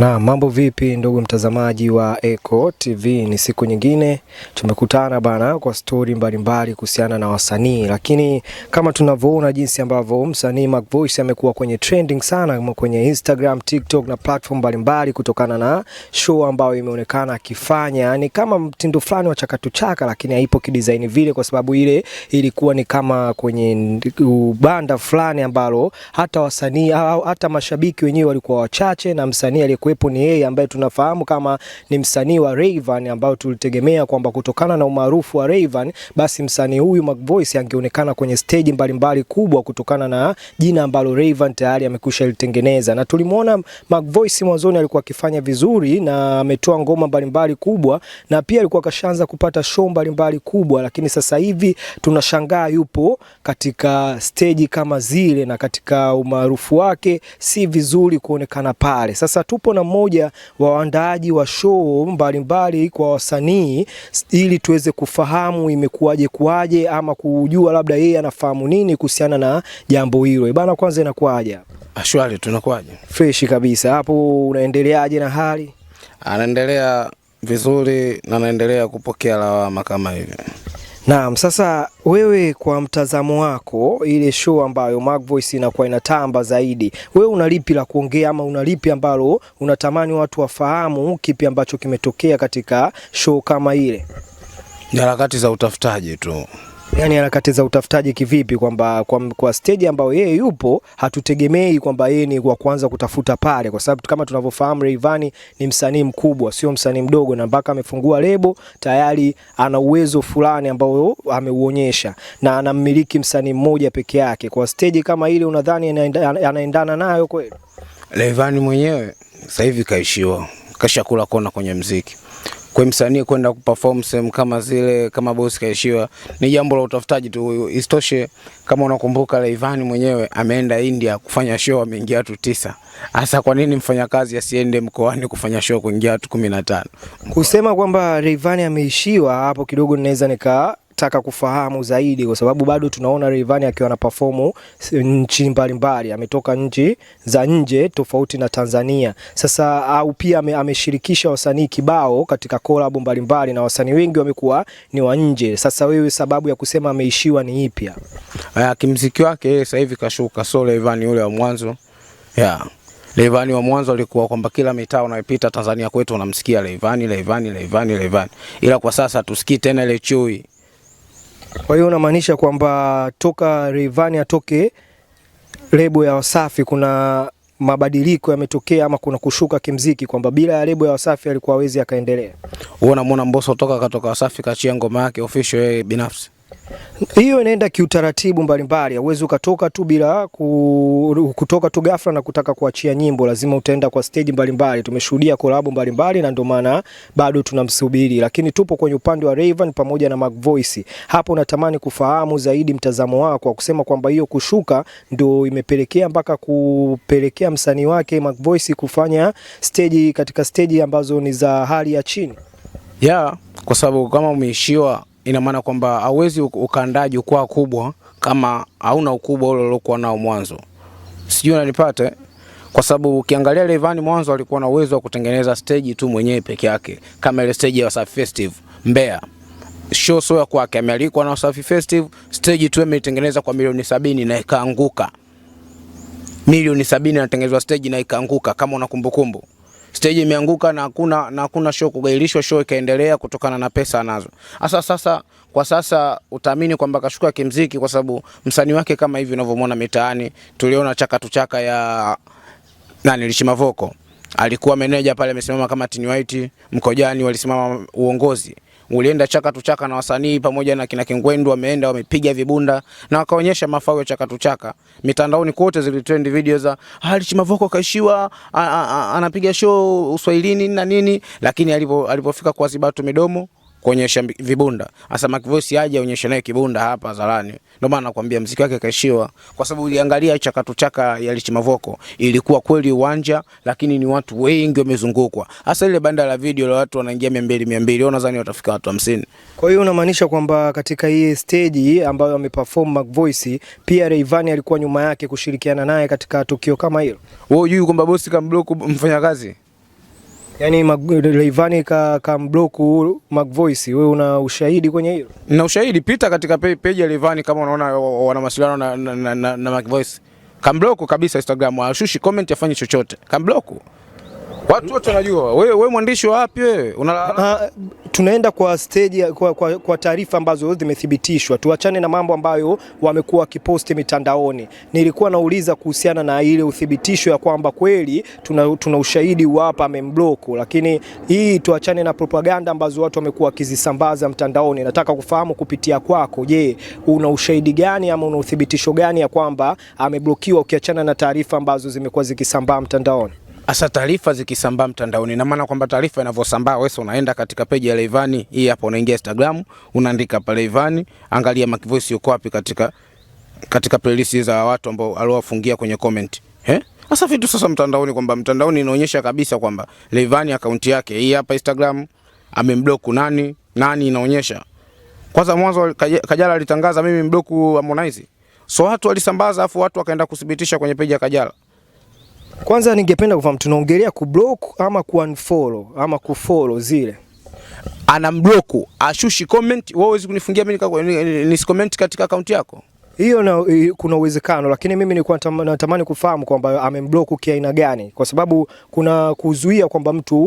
Na mambo vipi, ndugu mtazamaji wa Eko TV, ni siku nyingine tumekutana bana kwa stori mbalimbali kuhusiana na wasanii, lakini kama tunavyoona jinsi ambavyo msanii Voice amekuwa kwenye trending sana kwenye Instagram, TikTok na platform mbalimbali kutokana na show ambayo imeonekana akifanya, ni kama mtindo fulani wa chakatuchaka, lakini haipo kidesign vile, kwa sababu ile ilikuwa ni kama kwenye banda fulani ambalo hata wasanii hata mashabiki wenyewe walikuwa wachache na msanii aliyekuwa akiwepo ni yeye ambaye tunafahamu kama ni msanii wa Rayvanny, ambao tulitegemea kwamba kutokana na umaarufu wa Rayvanny, basi msanii huyu Macvoice angeonekana kwenye stage mbalimbali kubwa kutokana na jina ambalo Rayvanny tayari amekwisha litengeneza, na tulimwona Macvoice mwanzoni alikuwa akifanya vizuri na ametoa ngoma mbalimbali kubwa, na pia alikuwa kashaanza kupata show mbalimbali kubwa, lakini sasa hivi tunashangaa yupo katika stage kama zile, na katika umaarufu wake si vizuri kuonekana pale. Sasa tupo na na mmoja wa waandaaji wa show mbalimbali kwa wasanii, ili tuweze kufahamu imekuwaje kuwaje, ama kujua labda yeye anafahamu nini kuhusiana na jambo hilo eh, bana. Kwanza inakuwaje? Ashwari, ah, tunakuwaje? Freshi kabisa. Hapo unaendeleaje na hali? Anaendelea ah, vizuri na anaendelea kupokea lawama kama hivyo. Naam, sasa wewe kwa mtazamo wako ile show ambayo Mac Voice inakuwa inatamba zaidi, wewe una lipi la kuongea ama una lipi ambalo unatamani watu wafahamu, kipi ambacho kimetokea katika show kama ile? Ni harakati za utafutaji tu yani harakati za utafutaji kivipi, kwamba kwa, kwa stage ambayo yeye yupo hatutegemei kwamba yeye ni wa kwanza kutafuta pale, kwa sababu kama tunavyofahamu Rayvanny ni msanii mkubwa, sio msanii mdogo, na mpaka amefungua lebo tayari ana uwezo fulani ambao ameuonyesha na anamiliki msanii mmoja peke yake. Kwa stage kama ile, unadhani anaendana nayo kweli? Rayvanny mwenyewe sasa hivi kaishiwa, kashakula kona kwenye mziki kwa msanii kwenda kuperform sehemu kama zile, kama Boss kaishiwa, ni jambo la utafutaji tu. Isitoshe, kama unakumbuka Rayvanny mwenyewe ameenda India kufanya show, ameingia watu tisa. Hasa kwa nini mfanyakazi asiende mkoani kufanya show kuingia watu kumi na tano? Kusema kwamba Rayvanny ameishiwa hapo kidogo, ninaweza nika nataka kufahamu zaidi, kwa sababu bado tunaona Rayvanny akiwa na perform eh, nchi mbalimbali, ametoka nchi za nje tofauti na Tanzania. Sasa au pia ameshirikisha wasanii kibao katika collab mbalimbali, na wasanii wengi wamekuwa ni wa nje. Sasa wewe, sababu ya kusema ameishiwa ni ipi? Aya, Kimziki wake eh, sasa hivi kashuka, so Rayvanny yule wa mwanzo yeah. Rayvanny wa mwanzo alikuwa kwamba kila mitaa unayopita Tanzania kwetu unamsikia Rayvanny, Rayvanny, Rayvanny, Rayvanny, ila kwa sasa tusikii tena ile chui kwa hiyo unamaanisha kwamba toka Rayvanny atoke lebo ya Wasafi kuna mabadiliko yametokea ama kuna kushuka kimziki, kwamba bila ya lebo ya Wasafi alikuwa hawezi akaendelea. Wewe unamwona Mbosso toka katoka Wasafi kachia ngoma yake official yeye binafsi hiyo inaenda kiutaratibu mbalimbali, hauwezi ukatoka tu bila ku, kutoka tu ghafla na kutaka kuachia nyimbo, lazima utaenda kwa stage mbalimbali. Tumeshuhudia kolabo mbalimbali na ndio maana bado tunamsubiri, lakini tupo kwenye upande wa Rayvanny pamoja na Mac Voice. Hapo natamani kufahamu zaidi mtazamo wako wa kusema kwamba hiyo kushuka ndio imepelekea mpaka kupelekea msanii wake Mac Voice kufanya stage katika stage ambazo ni za hali ya chini ya yeah, kwa sababu kama umeishiwa ina maana kwamba hauwezi ukaandaa jukwaa kubwa kama hauna ukubwa ule uliokuwa nao mwanzo. Sijui unanipata? Kwa sababu ukiangalia Rayvanny mwanzo alikuwa na uwezo wa kutengeneza stage tu mwenyewe peke yake, kama ile stage ya Wasafi Festive Mbeya show so ya kwake, amealikwa na Wasafi Festive, stage tu ameitengeneza kwa milioni sabini na ikaanguka. Milioni sabini anatengenezwa stage na ikaanguka, kama una kumbukumbu stage imeanguka na hakuna na hakuna show kugailishwa, show ikaendelea kutokana na pesa anazo. Asa sasa kwa sasa utaamini kwamba kashuka kimziki, kwa sababu msanii wake kama hivi unavyomwona mitaani. Tuliona chaka tuchaka ya nani Lishimavoko alikuwa meneja pale, amesimama kama Tini White, Mkojani walisimama uongozi ulienda chaka tuchaka na wasanii pamoja na kina Kingwendu wameenda wamepiga vibunda na wakaonyesha mafao ya chaka tuchaka. Mitandaoni kote zilitrend video za Alichi Mavoko kaishiwa anapiga show Uswahilini na nini, lakini alipofika kwa Zibatu midomo kuonyesha vibunda. Sasa Macvoice aje aonyeshe naye kibunda hapa hadharani. Ndio maana nakwambia mziki wake kaishiwa, kwa sababu uliangalia chakatu chaka ya Rich Mavoko ilikuwa kweli uwanja, lakini ni watu wengi wamezungukwa. Hasa ile banda la video la watu wanaingia mia mbili 200 200, unadhani watafika watu hamsini. Kwa hiyo unamaanisha kwamba katika hii stage ambayo ameperform Macvoice, pia Rayvanny alikuwa nyuma yake kushirikiana naye katika tukio kama hilo. Wewe unajui kwamba bosi kambloku mfanyakazi Yaani Rayvanny ka mblock Macvoice, wewe una ushahidi kwenye hilo? Na ushahidi pita katika page ya Rayvanny kama unaona wana mawasiliano na, na, na, na Macvoice. Kamblock kabisa Instagram, ashushi comment afanye chochote. Kamblock. Watu wote wanajua wewe, wewe mwandishi wa wapi wewe? Una ah, tunaenda kwa stage kwa, kwa, kwa taarifa ambazo zimethibitishwa. Tuachane na mambo ambayo wamekuwa wakiposti mitandaoni. Nilikuwa nauliza kuhusiana na ile uthibitisho ya kwamba kweli tuna, tuna ushahidi hapa amemblock, lakini hii tuachane na propaganda ambazo watu wamekuwa wakizisambaza mtandaoni. Nataka kufahamu kupitia kwako, je, una ushahidi gani ama una uthibitisho gani ya kwamba ameblokiwa, ukiachana na taarifa ambazo zimekuwa zikisambaa mtandaoni? hasa taarifa zikisambaa mtandaoni, na maana kwamba taarifa inavyosambaa, wewe unaenda katika peji ya Rayvanny hii hapo, unaingia Instagram, unaandika pale Rayvanny, angalia Mac yuko wapi katika katika playlist za watu ambao aliowafungia kwenye comment eh hasa vitu sasa mtandaoni, kwamba mtandaoni inaonyesha kabisa kwamba Rayvanny akaunti yake hii hapa Instagram amemblock nani nani, inaonyesha kwanza. Mwanzo Kajala alitangaza mimi mblock Harmonize, so watu walisambaza, afu watu wakaenda kudhibitisha kwenye peji ya Kajala. Kwanza ningependa kufahamu tunaongelea kublock ama kuunfollow ama kufollow zile anamblock, ashushi comment. Wewe huwezi kunifungia mimi comment katika akaunti yako? hiyo na, kuna uwezekano lakini mimi nilikuwa natamani kufahamu kwamba amemblock kiaina gani, kwa sababu kuna kuzuia kwamba mtu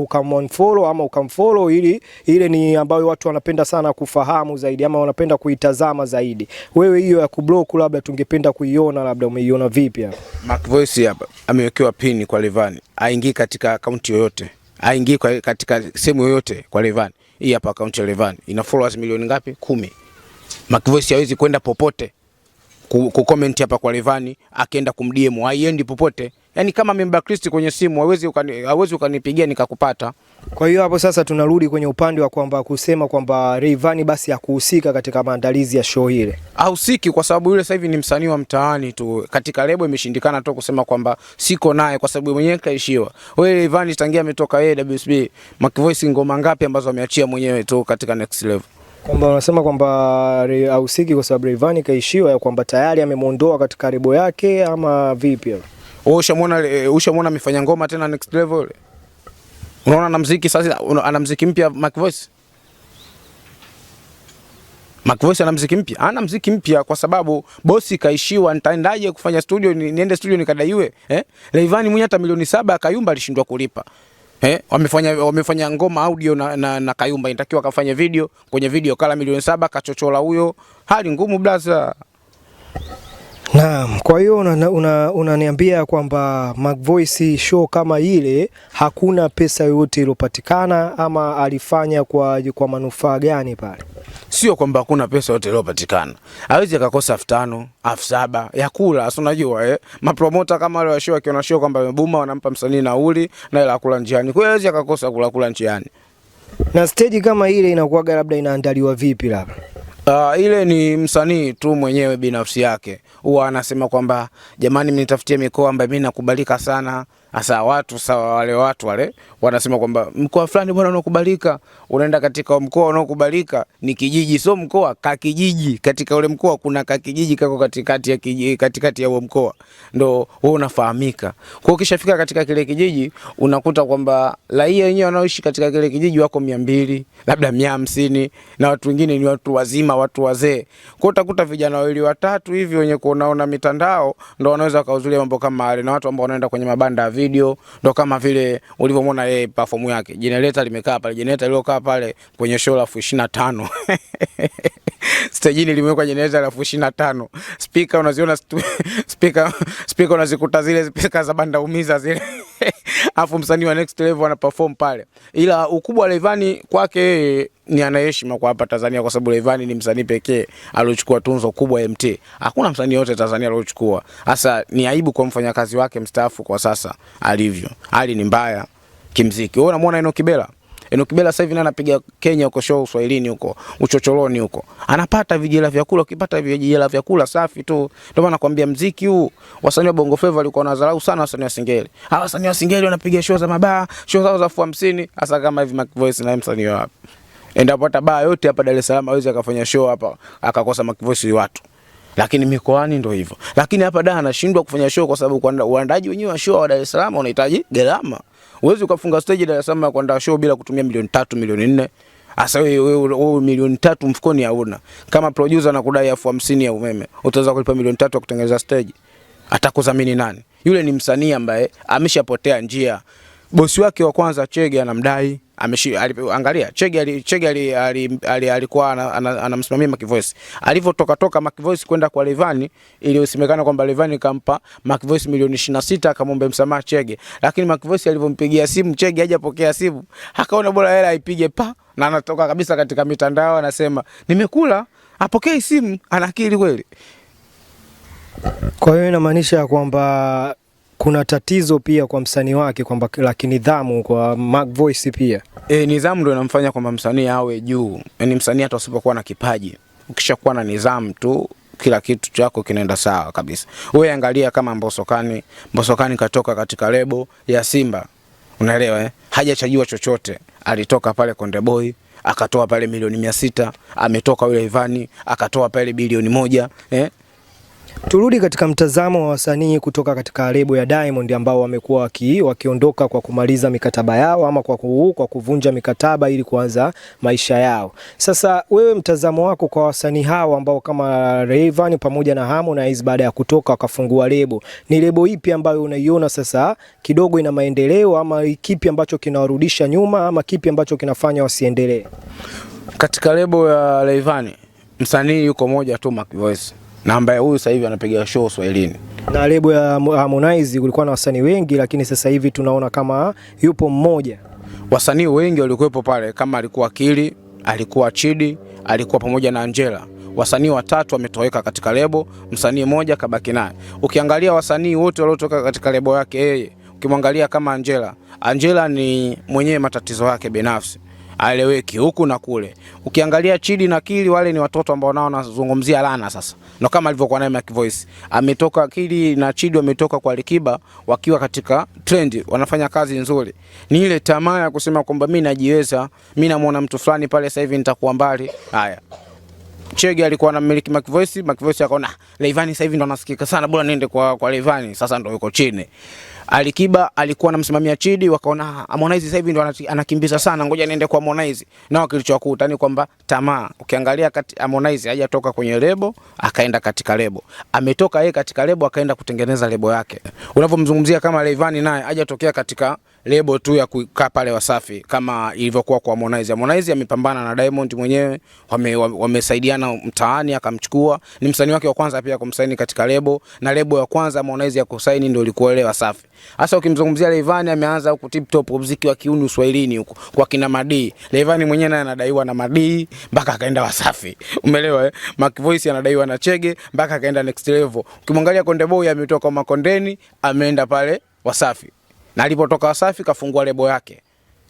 ukamunfollow uka ama ukamfollow, ili ile ni ambayo watu wanapenda sana kufahamu zaidi ama wanapenda kuitazama zaidi. Wewe hiyo ya kublock labda tungependa kuiona, labda umeiona vipi? Hapa Mark Voice hapa amewekewa pini kwa Rayvanny, aingii katika akaunti yoyote, aingii katika sehemu yoyote kwa Rayvanny. Hii hapa akaunti ya Rayvanny ina followers milioni ngapi? Kumi. Macvoice hawezi kwenda popote ku comment hapa kwa Levani, akienda kumdm haiendi popote. Yaani kama Kristi kwenye simu hawezi ukani, hawezi ukanipigia nikakupata. Kwa hiyo hapo sasa tunarudi kwenye upande wa kwamba kusema kwamba Rayvanny basi hakuhusika katika maandalizi ya show ile. Hahusiki kwa sababu yule sasa hivi ni msanii wa mtaani tu. Katika lebo imeshindikana tu kusema kwamba siko naye kwa sababu mwenyewe kaishiwa. Wewe Rayvanny tangia ametoka yeye WCB, Macvoice ngoma ngapi ambazo ameachia mwenyewe tu katika next level? kwamba unasema kwamba ahusiki kwa sababu Rayvanny kaishiwa ya kwamba tayari amemwondoa katika rebo yake ama vipi? Wewe ushamwona eh, ushamwona amefanya ngoma tena next level. Unaona na muziki sasa ana muziki mpya Mac Voice. Mac Voice ana muziki mpya? Ana muziki mpya kwa sababu bosi kaishiwa, nitaendaje kufanya studio ni, niende studio nikadaiwe eh? Rayvanny mwenye hata milioni saba akayumba alishindwa kulipa. Eh, wamefanya wamefanya ngoma audio na, na, na Kayumba inatakiwa kafanya video. Kwenye video kala milioni saba kachochola huyo, hali ngumu blaza. Naam, kwa hiyo unaniambia una, una kwamba Macvoice show kama ile hakuna pesa yoyote iliyopatikana ama alifanya kwa, kwa manufaa gani pale? Sio kwamba hakuna pesa yote iliyopatikana, hawezi akakosa elfu tano elfu saba ya kula, si unajua eh? Mapromota kama wale wa show akiona show kwamba imebuma wanampa msanii nauli na ila kula njiani, kwa hiyo hawezi akakosa kula kula njiani. Na stage kama ile inakuwaga labda inaandaliwa vipi labda Uh, ile ni msanii tu mwenyewe binafsi yake, huwa anasema kwamba jamani, mnitafutie mikoa ambayo mimi nakubalika sana sasa watu sawa, wale watu wale wanasema kwamba mkoa fulani bwana unakubalika, unaenda katika mkoa unaokubalika ni kijiji, sio mkoa, ka kijiji. Katika ule mkoa kuna ka kijiji kako katikati ya kijiji, katikati ya huo mkoa ndo wewe unafahamika. Kwa ukishafika katika kile kijiji unakuta kwamba raia wenyewe wanaoishi katika kile kijiji wako 200 labda 150 na watu wengine ni watu wazima, watu wazee. Kwa utakuta vijana wawili watatu hivi wenye kuonaona mitandao ndo wanaweza kuhudhuria mambo kama yale na watu ambao wanaenda kwenye mabanda video, ndo kama vile ulivyomwona yeye perform yake. Generator limekaa pale, generator lilokaa pale kwenye show elfu ishirini na tano stejini limewekwa generator elfu ishirini na tano spika unaziona, spika spika unazikuta zile spika za banda umiza zile afu msanii wa next level ana perform pale, ila ukubwa wa Rayvanny kwake ni ana heshima kwa hapa Tanzania kwa sababu Rayvanny ni msanii pekee aliochukua tunzo kubwa MT. Hakuna msanii yote Tanzania aliochukua. Sasa ni aibu kwa mfanyakazi wake mstaafu kwa sasa alivyo. Hali ni mbaya kimziki. Wewe unamwona Enoch Kibela? Enoch Kibela sasa hivi naye anapiga Kenya huko show Swahilini huko, uchochoroni huko. Anapata vijela vya kula, ukipata vijela vya kula safi tu. Ndio maana nakwambia mziki huu wasanii wa Bongo Flava walikuwa na wanadharau sana wasanii wa Singeli. Hawa wasanii wa Singeli wanapiga show za mabaa, show zao za elfu hamsini hasa kama hivi Mac Voice na msanii wapi? endapo hata baa yote hapa Dar es Salaam hawezi akafanya show hapa akakosa makivosi watu, lakini mikoani ndio hivyo. Lakini hapa da anashindwa kufanya show kwa sababu uandaji wenyewe wa show wa Dar es Salaam unahitaji gharama. Huwezi ukafunga stage Dar es Salaam ya kuandaa show bila kutumia milioni tatu, milioni nne. Asa wewe milioni tatu mfukoni hauna. Kama producer anakudai elfu hamsini ya umeme, utaweza kulipa milioni tatu ya kutengeneza stage? Atakudhamini nani? Yule ni msanii ambaye ameshapotea njia. Bosi wake wa kwanza Chege anamdai ameshi angalia Chege Chege alikuwa anamsimamia ana, ana Macvoice alivyotoka toka Macvoice kwenda kwa Levani, iliyosemekana kwamba Levani kampa Macvoice milioni na sita akamwombe msamaha Chege, lakini Macvoice alivyompigia simu Chege hajapokea simu, akaona bora hela aipige pa na anatoka kabisa katika mitandao anasema nimekula, apokee simu. Ana kweli? Kwa hiyo inamaanisha ya kwamba kuna tatizo pia kwa msanii wake kwamba la kinidhamu kwa Mac Voice pia. E, nidhamu ndio inamfanya kwamba msanii awe juu. Yaani msanii hata usipokuwa na kipaji, ukishakuwa na nidhamu tu kila kitu chako kinaenda sawa kabisa. Wewe angalia kama Mbosokani, Mbosokani katoka katika lebo ya Simba. Unaelewa eh? Hajachajiwa chochote. Alitoka pale Konde Boy, akatoa pale milioni mia sita, ametoka yule Ivani, akatoa pale bilioni moja, eh? Turudi katika mtazamo wa wasanii kutoka katika lebo ya Diamond ambao wamekuwa waki, wakiondoka kwa kumaliza mikataba yao ama kwa, ku, kwa kuvunja mikataba ili kuanza maisha yao. Sasa wewe mtazamo wako kwa wasanii hao ambao kama Rayvanny pamoja na Harmonize baada ya kutoka wakafungua lebo, ni lebo ipi ambayo unaiona sasa kidogo ina maendeleo ama kipi ambacho kinawarudisha nyuma ama kipi ambacho kinafanya wasiendelee? Katika lebo ya Rayvanny msanii yuko moja tu Mac Voice na ambaye huyu sasa hivi anapiga show Swahilini. Na lebo ya Harmonize kulikuwa na wasanii wengi, lakini sasa hivi tunaona kama yupo mmoja. Wasanii wengi walikuwepo pale, kama alikuwa Kili, alikuwa Chidi, alikuwa pamoja na Angela wasanii watatu wametoweka katika lebo, msanii mmoja kabaki naye. Ukiangalia wasanii wote waliotoka katika lebo yake yeye, ukimwangalia kama Angela, Angela ni mwenyewe matatizo yake binafsi, aeleweki huku na kule. Ukiangalia Chidi na Kili wale ni watoto ambao nao wanazungumzia lana sasa. Na kama alivyokuwa naye Mac Voice, ametoka Kili na Chidi wametoka kwa Likiba wakiwa katika trend, wanafanya kazi nzuri. Ni ile tamaa ya kusema kwamba mimi najiweza, mimi namuona mtu fulani pale sasa hivi nitakuwa mbali. Haya. Chege alikuwa na miliki Mac Voice, Mac Voice akaona ah, Levani sasa hivi ndo anasikika sana, bora niende kwa kwa Levani, sasa ndo yuko chini. Alikiba alikuwa anamsimamia Chidi, wakaona Harmonize sasa hivi ndo anakimbiza sana, ngoja niende kwa Harmonize. Nao kilichowakuta ni kwamba tamaa. Ukiangalia kati Harmonize hajatoka kwenye lebo akaenda katika lebo, ametoka yeye katika lebo akaenda kutengeneza lebo yake. unavyomzungumzia kama Rayvanny naye hajatokea katika lebo tu ya kukaa pale Wasafi kama ilivyokuwa kwa Harmonize. Harmonize amepambana na Diamond mwenyewe, wamesaidiana wame mtaani, akamchukua ni msanii wake wa kwanza pia kumsaini katika lebo, na lebo ya kwanza Harmonize ya kusaini ndio ilikuwa ile Wasafi. Hasa ukimzungumzia Rayvanny, ameanza huko tip top muziki wa kiuni Uswahilini huko kwa kina Madi. Rayvanny mwenyewe naye anadaiwa na Madi mpaka akaenda Wasafi, umeelewa eh? Mac Voice anadaiwa na Chege mpaka akaenda next level. Ukimwangalia Konde Boy ametoka Makondeni ameenda pale Wasafi na alipotoka Wasafi kafungua lebo yake.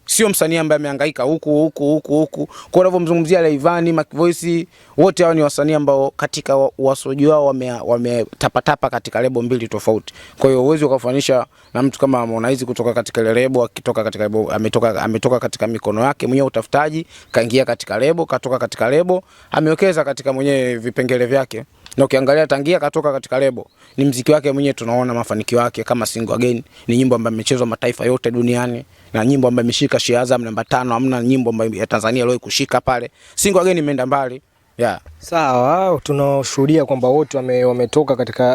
Sio msanii ambaye amehangaika huku huku huku huku. Kwa unavyomzungumzia Rayvanny, Mac Voice, wote hao ni wasanii ambao katika wasoji wao wametapatapa katika lebo mbili tofauti. Kwa hiyo uwezi ukafanisha na mtu kama Harmonize kutoka katika ile lebo, akitoka katika lebo, ametoka ametoka katika mikono yake mwenyewe utafutaji, kaingia katika lebo, katoka katika lebo, amewekeza katika mwenyewe vipengele vyake na ukiangalia tangia katoka katika lebo ni mziki wake mwenyewe tunaona mafanikio yake kama single again. Ni nyimbo ambayo imechezwa mataifa yote duniani na nyimbo ambayo imeshika Shazam namba tano. Hamna nyimbo ambayo ya Tanzania leo kushika pale. Single again imeenda mbali. Yeah. Sawa, tunashuhudia kwamba wote wame, wametoka katika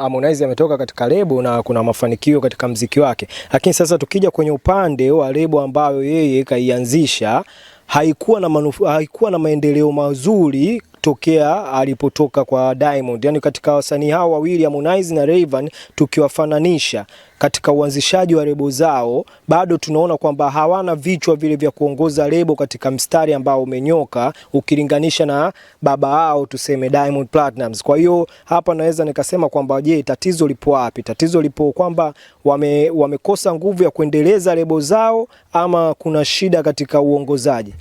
Harmonize ametoka katika lebo na kuna mafanikio katika mziki wake, lakini sasa tukija kwenye upande wa lebo ambayo yeye kaianzisha haikuwa na manufa, haikuwa na maendeleo mazuri tokea alipotoka kwa Diamond. Yani katika wasanii hao wawili Harmonize na Rayvanny tukiwafananisha katika uanzishaji wa lebo zao bado tunaona kwamba hawana vichwa vile vya kuongoza lebo katika mstari ambao umenyoka ukilinganisha na baba wao, tuseme Diamond Platnumz. Kwa hiyo hapa naweza nikasema kwamba je, tatizo lipo wapi? Tatizo lipo kwamba wame, wamekosa nguvu ya kuendeleza lebo zao ama kuna shida katika uongozaji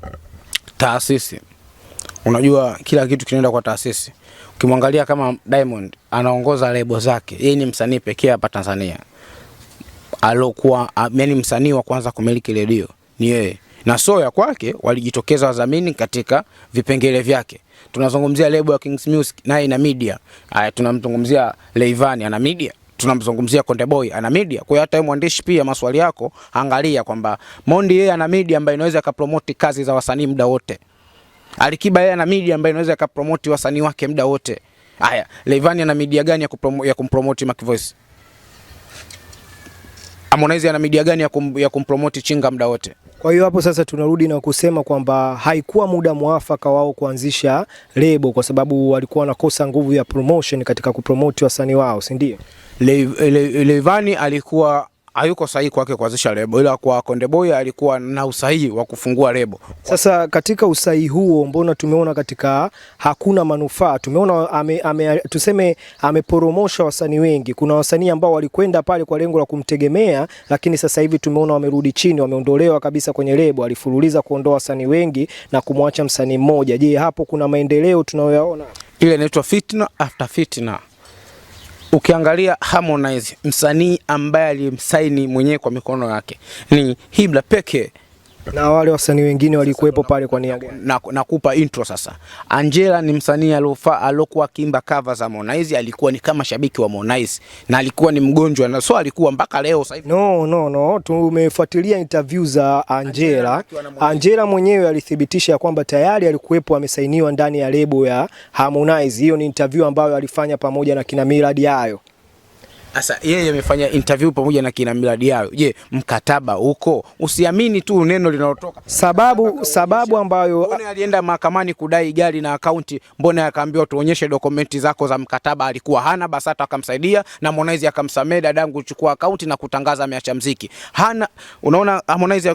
taasisi Unajua kila kitu kinaenda kwa taasisi. Ukimwangalia kama Diamond anaongoza lebo zake, yeye ni msanii pekee hapa Tanzania alokuwa yaani msanii wa kwanza kumiliki redio ni yeye, na Soya kwake walijitokeza wadhamini katika vipengele vyake. Tunazungumzia lebo ya Kings Music, naye ina media. Haya, tunamzungumzia Leivani ana media tunamzungumzia Konde Boy ana media. Kwa hiyo hata mwandishi pia maswali yako angalia kwamba Mondi yeye ana media ambayo inaweza ikapromoti kazi za wasanii muda wote. Alikiba yeye ana media ambayo inaweza ikapromote wasanii wake muda wote. Haya, Levani ana media gani ya, kupromo, ya kumpromote Mac Voice? Harmonize ana media gani ya, kum, ya kumpromote Chinga muda wote? Kwa hiyo hapo sasa tunarudi na kusema kwamba haikuwa muda mwafaka wao kuanzisha lebo kwa sababu walikuwa wanakosa nguvu ya promotion katika kupromote wasanii wao, si ndio? Rayvanny alikuwa hayuko sahihi kwake kuanzisha lebo, ila kwa Konde Boy alikuwa na usahihi wa kufungua lebo. Sasa katika usahihi huo, mbona tumeona katika hakuna manufaa? Tumeona ame, ame, tuseme ameporomosha wasanii wengi. Kuna wasanii ambao walikwenda pale kwa lengo la kumtegemea, lakini sasa hivi tumeona wamerudi chini, wameondolewa kabisa kwenye lebo. Alifululiza kuondoa wasanii wengi na kumwacha msanii mmoja. Je, hapo kuna maendeleo tunayoyaona? Ile inaitwa fitna after fitna ukiangalia Harmonize, msanii ambaye alimsaini mwenyewe kwa mikono yake ni Hibla pekee na wale wasanii wengine walikuwepo pale kwa nia gani? Nakupa intro sasa. Angela ni msanii alofa alokuwa kimba cover za Harmonize, alikuwa ni kama shabiki wa Harmonize na alikuwa ni mgonjwa na so alikuwa mpaka leo sasa No, no, no, tumefuatilia interview za Angela. Angela mwenyewe alithibitisha kwamba tayari alikuwepo amesainiwa ndani ya lebo ya Harmonize. Hiyo ni interview ambayo alifanya pamoja na kina miradi hayo sasa yeye amefanya interview pamoja na kina miradi yao. Je, mkataba huko? Usiamini tu neno linalotoka. Sababu sababu ambayo mbona alienda mahakamani kudai gari na akaunti, mbona akaambiwa tuonyeshe dokumenti zako za mkataba, alikuwa hana BASATA akamsaidia na Harmonize akamsamea dadangu kuchukua akaunti na kutangaza ameacha mziki. Hana unaona Harmonize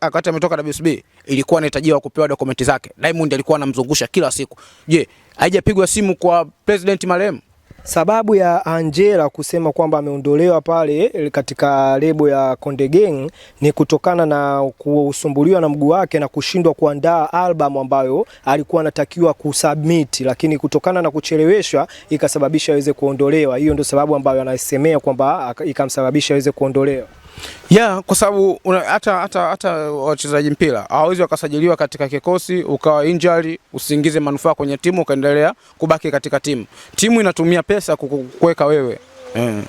akati ametoka WCB ilikuwa anahitajiwa kupewa dokumenti zake. Diamond alikuwa anamzungusha kila siku. Je, haijapigwa simu kwa President marehemu? Sababu ya Angela kusema kwamba ameondolewa pale eh, katika lebo ya Konde Gang ni kutokana na kusumbuliwa na mguu wake na kushindwa kuandaa albamu ambayo alikuwa anatakiwa kusubmit, lakini kutokana na kucheleweshwa ikasababisha aweze kuondolewa. Hiyo ndio sababu ambayo anasemea kwamba ikamsababisha aweze kuondolewa. Yeah, kwa sababu hata hata hata wachezaji mpira hawawezi wakasajiliwa katika kikosi ukawa injury usiingize manufaa kwenye timu ukaendelea kubaki katika timu. Timu inatumia pesa kukuweka wewe. Mm.